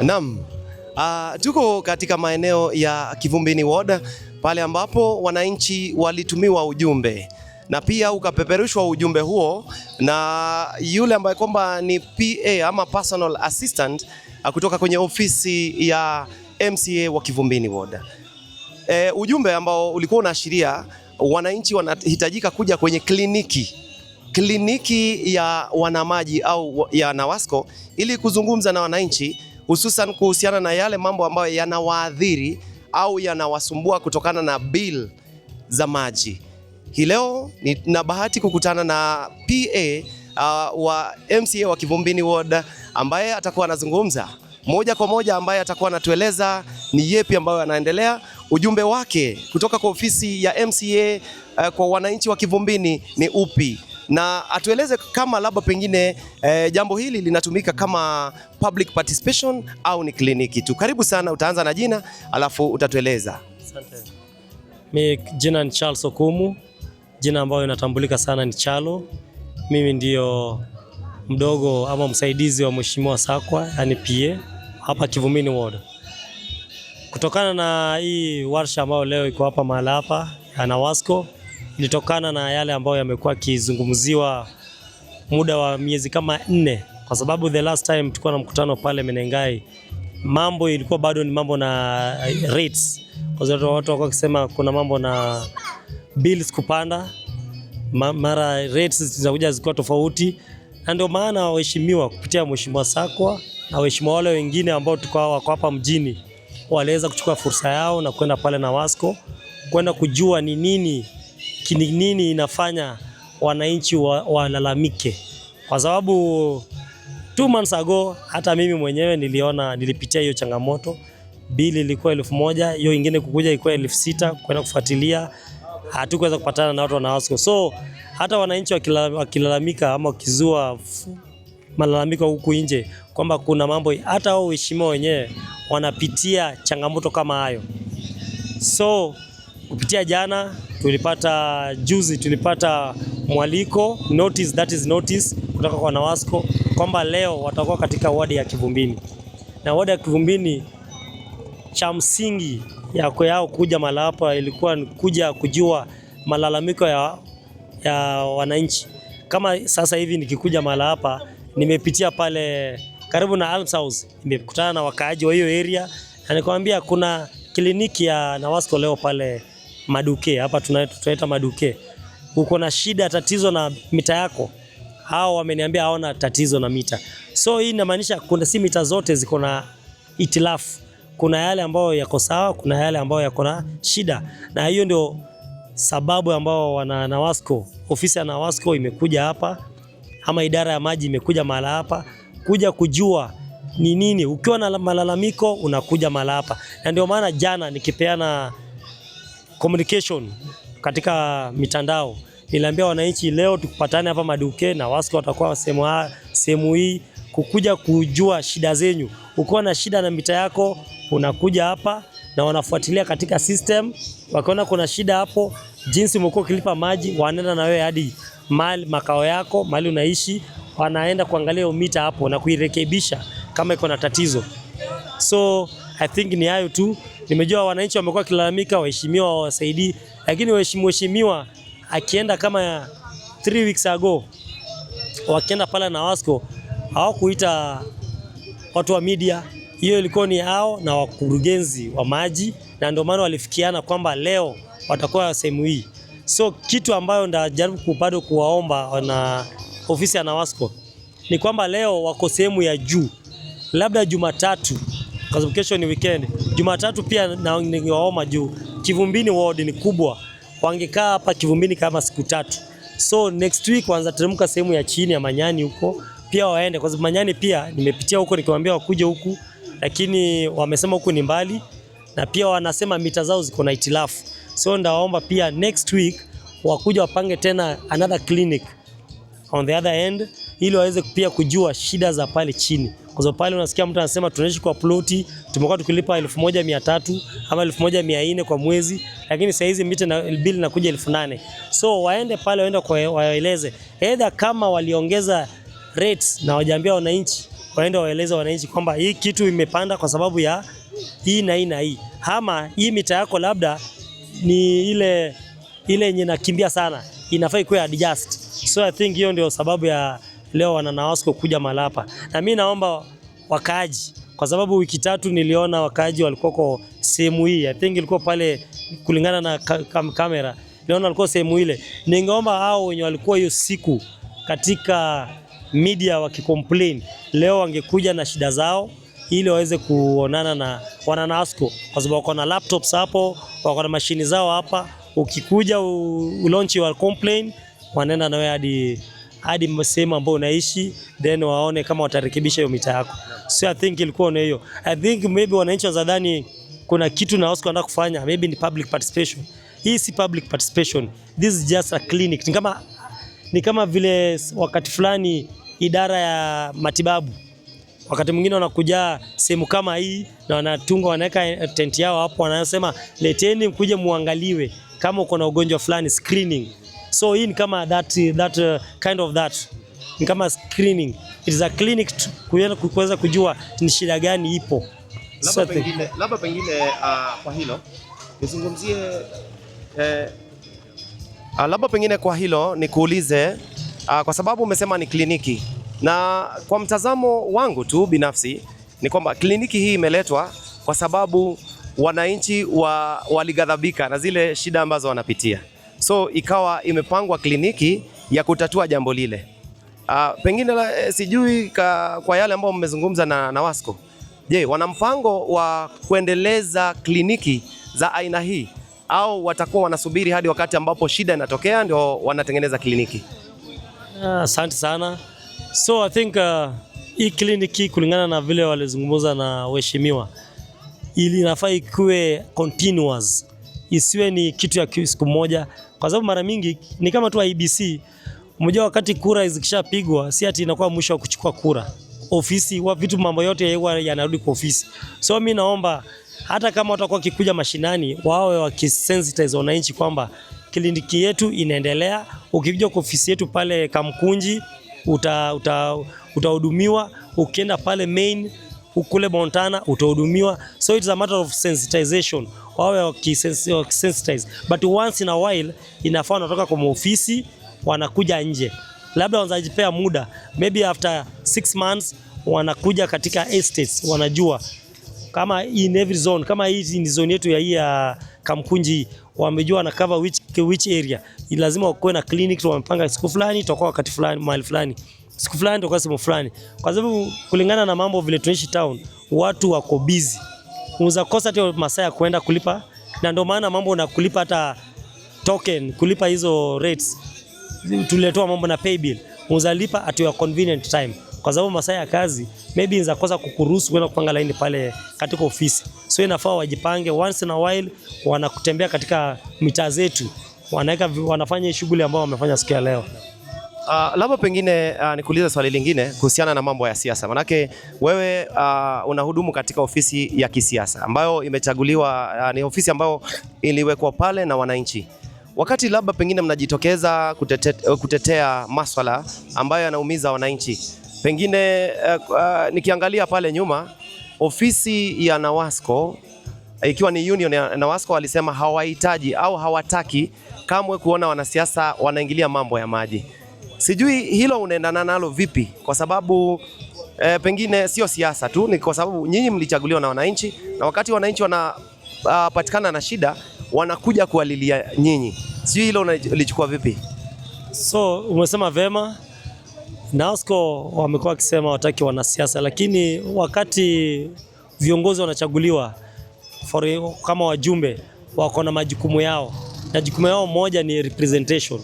Naam, uh, tuko katika maeneo ya Kivumbini Ward pale ambapo wananchi walitumiwa ujumbe na pia ukapeperushwa ujumbe huo na yule ambaye kwamba ni PA ama personal assistant ah, kutoka kwenye ofisi ya MCA wa Kivumbini Ward. E, ujumbe ambao ulikuwa unaashiria wananchi wanahitajika kuja kwenye kliniki kliniki ya wanamaji au ya NAWASCO ili kuzungumza na wananchi hususan kuhusiana na yale mambo ambayo yanawaadhiri au yanawasumbua kutokana na bill za maji. Hii leo nina bahati kukutana na PA uh, wa MCA wa Kivumbini Ward ambaye atakuwa anazungumza moja kwa moja, ambaye atakuwa anatueleza ni yepi ambayo yanaendelea, ujumbe wake kutoka kwa ofisi ya MCA uh, kwa wananchi wa Kivumbini ni upi? na atueleze kama labda pengine eh, jambo hili linatumika kama public participation au ni kliniki tu. Karibu sana, utaanza na jina alafu utatueleza. Asante. Mi jina ni Charles Okumu, jina ambayo inatambulika sana ni Chalo. Mimi ndio mdogo ama msaidizi wa Mheshimiwa Sakwa, yani PA hapa Kivumini Ward. Kutokana na hii warsha ambayo leo iko hapa mahala hapa na Wasco ilitokana na yale ambayo yamekuwa kizungumziwa muda wa miezi kama nne, kwa sababu the last time tulikuwa na mkutano pale Menengai, mambo ilikuwa bado ni mambo na eh, rates, kwa sababu watu walikuwa wakisema kuna mambo na bills kupanda, mara rates zinakuja zikiwa tofauti, na ndio maana waheshimiwa kupitia Mheshimiwa Sakwa na waheshimiwa wale wengine ambao tulikuwa wako hapa mjini waliweza kuchukua fursa yao na kwenda pale na Wasco kwenda kujua ni nini nini inafanya wananchi walalamike wa kwa sababu two months ago hata mimi mwenyewe niliona, nilipitia hiyo changamoto. Bili ilikuwa elfu moja hiyo ingine kukuja ilikuwa elfu sita kwenda kufuatilia, hatukuweza kupatana na watu wa NAWASCO. So hata wananchi wakilalamika ama wakizua malalamiko huku nje kwamba kuna mambo, hata wao waheshimiwa wenyewe wanapitia changamoto kama hayo so kupitia jana tulipata, juzi tulipata mwaliko notice, that is notice kutoka kwa Nawasco kwamba leo watakuwa katika wadi ya Kivumbini, na wadi ya Kivumbini cha msingi ya yao kuja mala hapa ilikuwa ni kuja kujua malalamiko ya, ya wananchi. Kama sasa hivi nikikuja mala hapa, nimepitia pale karibu na Alms House, nimekutana na wakaaji wa hiyo area na nikamwambia kuna kliniki ya Nawasco leo pale maduke hapa tunaita maduke. Uko na shida tatizo na mita yako? Hao wameniambia hawana tatizo na mita. So hii inamaanisha kuna si mita zote ziko na itilafu, kuna yale ambayo yako sawa, kuna yale ambayo yako na shida, na hiyo ndio sababu ambao wana Nawasco, ofisi ya Nawasco imekuja hapa ama idara ya maji imekuja mahala hapa kuja kujua ni nini. Ukiwa na malalamiko unakuja mahala hapa, na ndio maana jana nikipeana communication katika mitandao. Niliambia wananchi leo tukupatane hapa Maduke na wasko watakuwa sehemu hii kukuja kujua shida zenyu. Ukiwa na shida na mita yako unakuja hapa na wanafuatilia katika system, wakiona kuna shida hapo, jinsi umekuwa ukilipa maji, wanaenda na wewe hadi mali makao yako, mali unaishi, wanaenda kuangalia mita hapo na kuirekebisha kama iko na tatizo so I think ni hayo tu. Nimejua wananchi wamekuwa kilalamika, waheshimiwa wasaidii lakini waheshimiwa akienda kama 3 weeks ago wakienda pale na Wasco hawakuita watu wa media, hiyo ilikuwa ni hao na wakurugenzi wa maji, na ndio maana walifikiana kwamba leo watakuwa sehemu hii. So kitu ambayo ndajaribu kupado kuwaomba na ofisi ya NAWASCO ni kwamba leo wako sehemu ya juu, labda Jumatatu kwa sababu kesho ni weekend. Jumatatu pia na ningewaoma juu Kivumbini ward ni kubwa, wangekaa hapa Kivumbini kama siku tatu. So next week wanza teremka sehemu ya chini ya Manyani huko pia waende, kwa sababu Manyani pia nimepitia huko nikiwaambia wakuje huku, lakini wamesema huku ni mbali na pia wanasema mita zao ziko na itilafu. So ndawaomba pia next week wakuja wapange tena another clinic on the other end ili waweze pia kujua shida za pale chini, kwa sababu pale unasikia mtu anasema tunaishi kwa ploti, tumekuwa tukilipa 1300 ama 1400 kwa mwezi, lakini sasa hizi mita na bill inakuja 8000. So waende pale, waende kwa waeleze, either kama waliongeza rates na wajaambia wananchi, waende waeleze wananchi kwamba hii kitu imepanda kwa sababu ya hii na hii na hii, ama hii mita yako labda ni ile ile yenye nakimbia sana inafaa ikuwe adjust. So I think hiyo ndio sababu ya leo wana Nawasco kuja Malapa, na mimi naomba wakaaji, kwa sababu wiki tatu niliona wakaaji walikuwa kwa sehemu hii, I think ilikuwa pale kulingana na kam kamera niliona walikuwa sehemu ile. Ningeomba hao wenye walikuwa hiyo siku katika media wakikomplain, leo wangekuja na shida zao ili waweze kuonana na wana Nawasco, kwa sababu wako na laptops hapo, wako na mashini zao hapa. Ukikuja ulonchi wa complain, wanaenda na wewe hadi hadi sehemu ambayo unaishi, then waone kama watarekebisha hiyo mita yako. So I think ilikuwa na hiyo. I think maybe wananchi wazadhani kuna kitu na Oscar anataka kufanya, maybe ni public participation. Hii si public participation. This is just a clinic. Ni kama ni kama vile wakati fulani idara ya matibabu wakati mwingine wanakuja sehemu kama hii na wanatunga wanaweka tenti yao hapo, wanasema leteni mkuje muangaliwe kama uko na ugonjwa fulani, screening. So hii ni kama that, that, uh, kind of that ni kama screening. It is a clinic kuweza kujua ni shida gani ipo. Labda pengine, labda pengine uh, kwa hilo nizungumzie eh, uh, labda pengine kwa hilo nikuulize uh, kwa sababu umesema ni kliniki na kwa mtazamo wangu tu binafsi ni kwamba kliniki hii imeletwa kwa sababu wananchi wa, waligadhabika na zile shida ambazo wanapitia. So ikawa imepangwa kliniki ya kutatua jambo lile. Uh, pengine la, eh, sijui ka, kwa yale ambayo mmezungumza na, na Wasco. Je, wana mpango wa kuendeleza kliniki za aina hii au watakuwa wanasubiri hadi wakati ambapo shida inatokea ndio wanatengeneza kliniki? Ah, asante uh, sana. So I think uh, hii kliniki kulingana na vile walizungumza na waheshimiwa ili inafaa ikuwe continuous isiwe ni kitu ya siku moja, kwa sababu mara mingi ni kama tu IBC. Mmoja wakati kura zikishapigwa, si ati inakuwa mwisho wa kuchukua kura. Ofisi wa vitu mambo yote huwa yanarudi kwa ofisi. So mimi naomba hata kama watakuwa kikuja mashinani, wawe wakisensitize wananchi kwamba kliniki yetu inaendelea. Ukija kwa ofisi yetu pale Kamkunji utahudumiwa, uta, uta ukienda pale main kule Montana utahudumiwa, so it's a matter of sensitization, wawe wakisensitize, but once in a while inafaa wanatoka kwa ofisi wanakuja nje, labda wanajipea muda, maybe after six months wanakuja katika estates, wanajua kama in every zone, kama hii ni zone yetu ya hii ya Kamkunji wamejua na cover which, which area, lazima wakuwe na clinic, wamepanga siku fulani, tutakuwa wakati fulani mahali fulani siku fulani tutakuwa sehemu fulani, kwa sababu kulingana na mambo vile tunaishi town, watu wako busy, unaweza kosa hata masaa ya kuenda kulipa, na ndio maana mambo na kulipa hata token, kulipa hizo rates tuletoa mambo na pay bill, lipa at your convenient time, kwa sababu masaa ya kazi maybe inaweza kosa kukuruhusu kwenda kupanga laini pale katika ofisi, so inafaa wajipange. Once in a while wanakutembea katika mitaa zetu, wanaweka wanafanya shughuli ambayo wamefanya siku ya leo. Uh, labda pengine uh, ah, nikuuliza swali lingine kuhusiana na mambo ya siasa, manake wewe uh, unahudumu katika ofisi ya kisiasa ambayo imechaguliwa uh, ni ofisi ambayo iliwekwa pale na wananchi. Wakati labda pengine mnajitokeza kutetea, kutetea maswala ambayo yanaumiza wananchi, pengine uh, uh, nikiangalia pale nyuma ofisi ya NAWASCO ikiwa ni union ya NAWASCO walisema hawahitaji au hawataki kamwe kuona wanasiasa wanaingilia mambo ya maji. Sijui hilo unaendana nalo vipi, kwa sababu e, pengine sio siasa tu, ni kwa sababu nyinyi mlichaguliwa na wananchi, na wakati wananchi wanapatikana ah, na shida wanakuja kuwalilia nyinyi. Sijui hilo unalichukua vipi? So umesema vema Nasco wamekuwa wakisema wataki wanasiasa, lakini wakati viongozi wanachaguliwa for, kama wajumbe wako na majukumu yao, na jukumu yao moja ni representation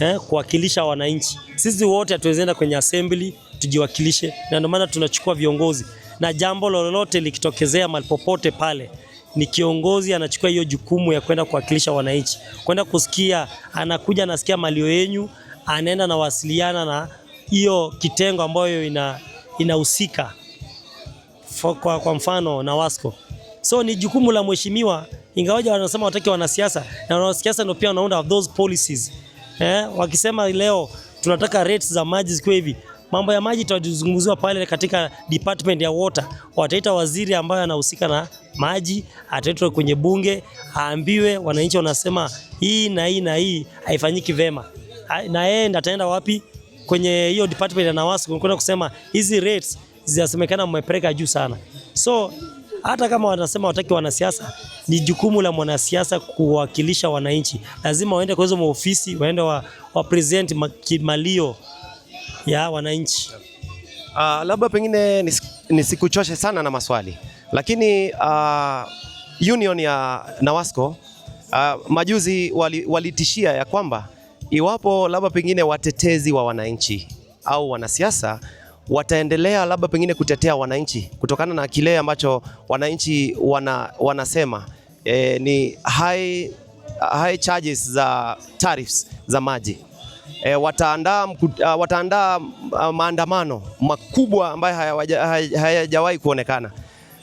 eh, kuwakilisha wananchi. Sisi wote hatuwezienda kwenye assembly tujiwakilishe, na ndio maana tunachukua viongozi, na jambo lolote likitokezea malipopote pale ni kiongozi anachukua hiyo jukumu ya kwenda kuwakilisha wananchi, kwenda kusikia, anakuja anasikia malio yenu, anaenda na wasiliana na hiyo kitengo ambayo ina inahusika kwa, kwa mfano na Wasco. So ni jukumu la mheshimiwa, ingawaje wanasema wataki wanasiasa, na wanasiasa ndio pia wanaunda those policies eh, wakisema leo tunataka rates za maji zikiwa hivi mambo ya maji tutazungumziwa pale katika department ya water. Wataita waziri ambaye anahusika na maji, ataitwa kwenye bunge aambiwe wananchi wanasema hii na hii na hii haifanyiki vema, na yeye ataenda wapi? Kwenye hiyo department ya NAWASA kwenda kusema hizi rates zinasemekana mmepeleka juu sana, so hata kama wanasema wataki wanasiasa, ni jukumu la mwanasiasa kuwakilisha wananchi. Lazima waende kwa hizo maofisi, waende wa, wa present malio ya wananchi. Uh, labda pengine nisikuchoshe sana na maswali lakini uh, union ya Nawasco uh, majuzi walitishia wali ya kwamba iwapo labda pengine watetezi wa wananchi au wanasiasa wataendelea labda pengine kutetea wananchi kutokana na kile ambacho wananchi wana, wanasema e, ni high, high charges za tariffs za maji e, wataandaa uh, wataandaa maandamano makubwa ambayo hayajawahi kuonekana.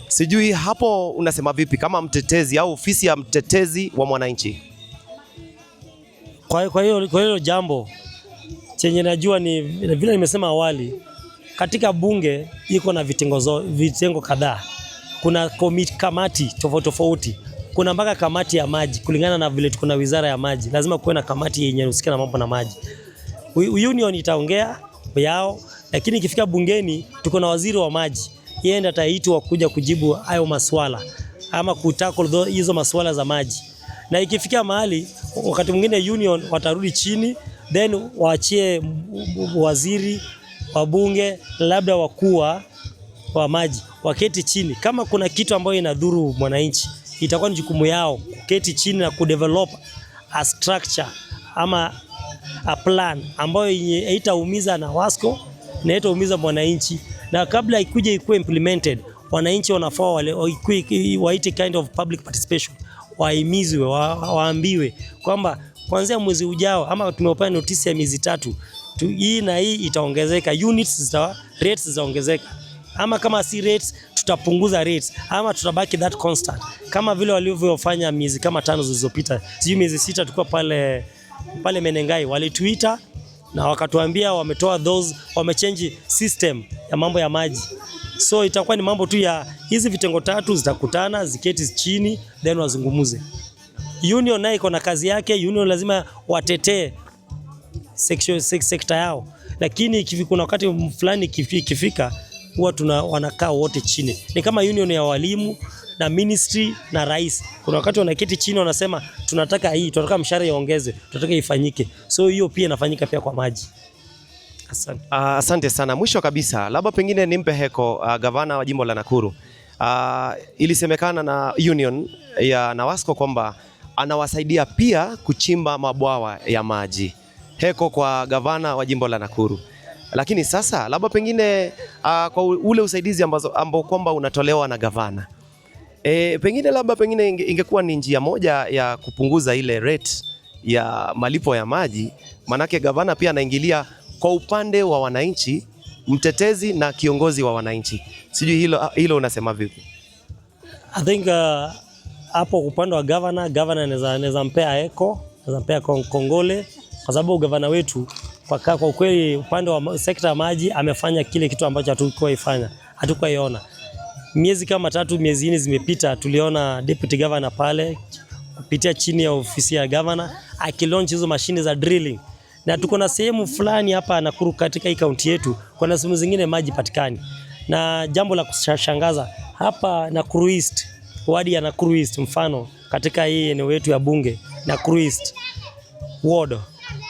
Sijui hapo unasema vipi kama mtetezi au ofisi ya mtetezi wa mwananchi? Kwa hiyo kwa hilo jambo chenye najua ni vile nimesema awali katika bunge iko na vitengo, vitengo kadhaa. Kuna kamati tofauti tofauti, kuna mpaka kamati ya maji kulingana na vile tuko na wizara ya maji, lazima kuwe na kamati yenye husika na mambo na maji. Union itaongea yao, lakini ikifika bungeni tuko na waziri wa maji, yeye ndiye ataitwa kuja kujibu hayo maswala ama kutackle hizo maswala za maji, na ikifika mahali wakati mwingine union watarudi chini then waachie waziri wabunge labda wakuu wa maji waketi chini, kama kuna kitu ambayo inadhuru mwananchi, itakuwa ni jukumu yao kuketi chini na kudevelop a structure ama a plan ambayo haitaumiza na Wasco na haitaumiza mwananchi, na kabla ikuje ikuwe implemented, wananchi wanafaa waite kind of public participation, wa, waambiwe kwamba kuanzia mwezi ujao ama tumepewa notisi ya miezi tatu tu, hii na hii itaongezeka, units zita rates zitaongezeka, ama kama si rates tutapunguza rates ama tutabaki that constant, kama vile walivyofanya miezi kama tano zilizopita, sijui miezi sita, tukua pale pale Menengai, walituita na wakatuambia wametoa those, wamechange system ya mambo ya maji, so itakuwa ni mambo tu ya hizi vitengo tatu zitakutana, ziketi chini, then wazungumuze. Union nayo iko na kazi yake. Union lazima watetee section, sekta yao, lakini kuna wakati fulani ikifika huwa tuna wanakaa wote chini, ni kama union ya walimu na ministry na rais. Kuna wakati wanaketi chini wanasema tunataka hii, tunataka mshahara iongezwe, tunataka ifanyike. So hiyo pia inafanyika pia kwa maji. Asante, uh, asante sana. Mwisho kabisa, labda pengine nimpe heko uh, gavana wa jimbo la Nakuru. Uh, ilisemekana na union ya NAWASCO kwamba anawasaidia pia kuchimba mabwawa ya maji heko kwa gavana wa jimbo la Nakuru. Lakini sasa labda pengine uh, kwa ule usaidizi ambao ambao kwamba unatolewa na gavana e, pengine labda pengine inge, ingekuwa ni njia moja ya kupunguza ile rate ya malipo ya maji, manake gavana pia anaingilia kwa upande wa wananchi, mtetezi na kiongozi wa wananchi. Sijui hilo, ah, hilo unasema vipi? I think ah, hapo uh, upande wa gavana gavana anaweza mpea eko, anaweza mpea kongole kwa sababu gavana wetu kwa, kwa ukweli upande wa sekta ya maji amefanya kile kitu ambacho ifanya hatukuwaifanya iona Miezi kama tatu miezi nne zimepita, tuliona deputy governor pale kupitia chini ya ofisi ya governor akilaunch hizo mashine za drilling, na tuko na sehemu fulani hapa Nakuru katika hii kaunti yetu, kuna sehemu zingine maji patikani. Na jambo la kushangaza hapa Nakuru East, wadi ya Nakuru East, mfano katika hii eneo yetu ya bunge Nakuru East ward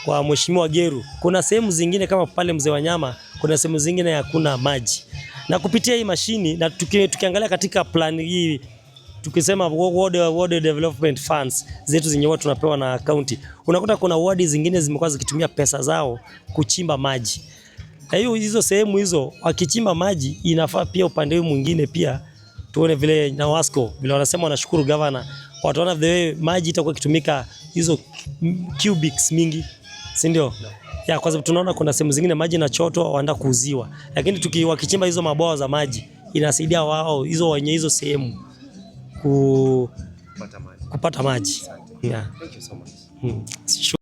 kwa Mheshimiwa Geru, kuna sehemu zingine kama pale Mzee wa nyama, kuna sehemu zingine hakuna maji, na kupitia hii mashini na tuki, tukiangalia katika plan hii tukisema ward, ward development funds zetu zenye watu tunapewa na county, unakuta kuna wadi zingine zimekuwa zikitumia pesa zao kuchimba maji. Na hiyo hizo sehemu hizo wakichimba maji, inafaa pia upande mwingine pia tuone vile na Wasco vile wanasema, wanashukuru governor, wataona the way maji itakuwa ikitumika hizo cubics mingi si ndio? Ya, kwa sababu tunaona kuna sehemu zingine maji inachotwa waenda kuuziwa, lakini tukiwakichimba hizo mabwawa za maji inasaidia wao hizo wenye hizo sehemu ku... kupata maji, kupata maji. Yeah. Thank you so much. Hmm.